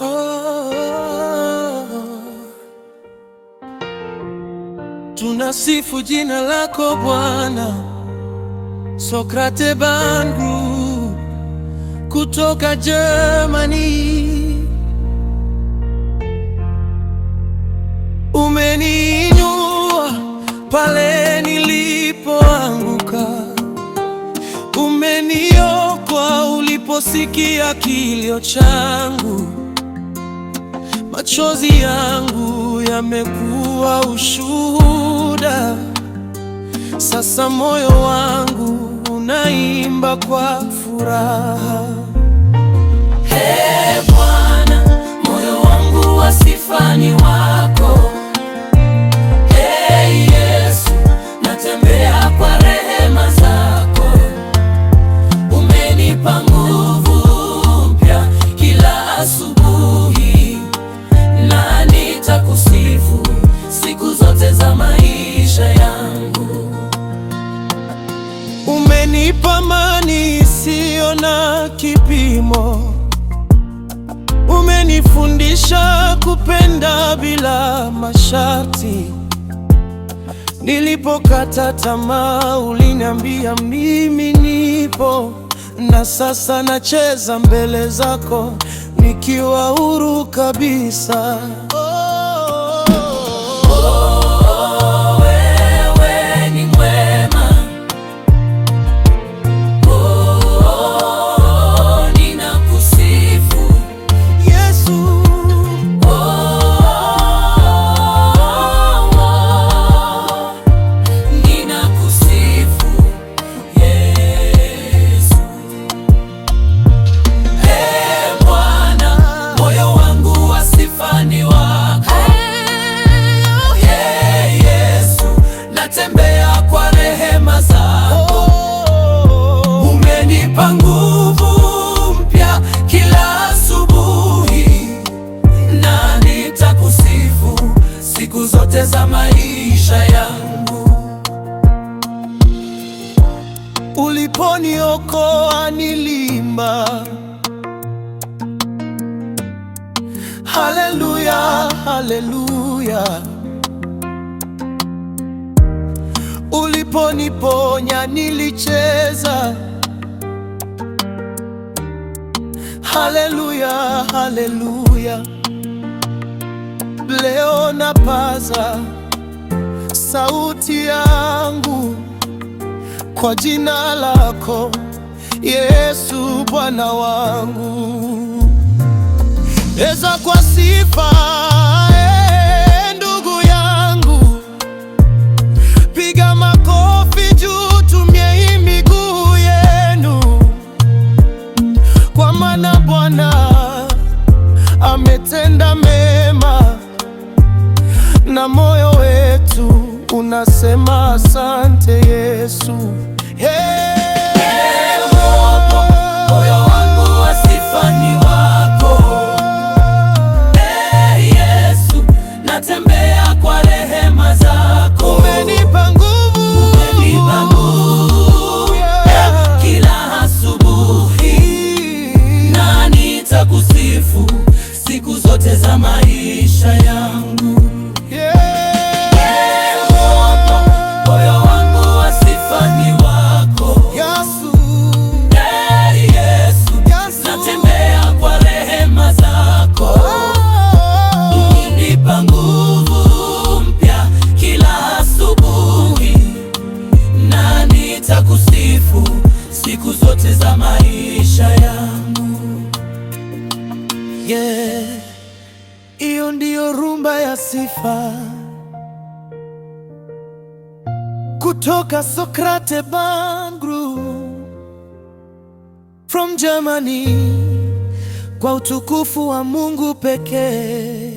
Oh. Tunasifu jina lako Bwana, Socrate Bangu kutoka Germany. Umeniinua pale Unaposikia kilio changu, machozi yangu yamekuwa ushuhuda. Sasa moyo wangu unaimba kwa furaha. Hey, Bwana, moyo wangu wasifani wako kipimo, umenifundisha kupenda bila masharti. Nilipokata tamaa, uliniambia mimi nipo, na sasa nacheza mbele zako nikiwa huru kabisa. zote za maisha yangu. Uliponiokoa nilimba haleluya, haleluya. Uliponiponya nilicheza haleluya, haleluya. Leo napaza sauti yangu kwa jina lako Yesu, Bwana wangu, eza kwa sifa eh, ndugu yangu, piga makofi juu, miguu yenu, kwa Bwana ametenda mema na moyo wetu unasema asante Yesu. Hey, oh, oh, oh. moyo wangu wasifani nyakati za maisha yangu hiyo Ndiyo rumba ya sifa kutoka sokrate bangru from Germany, kwa utukufu wa Mungu pekee.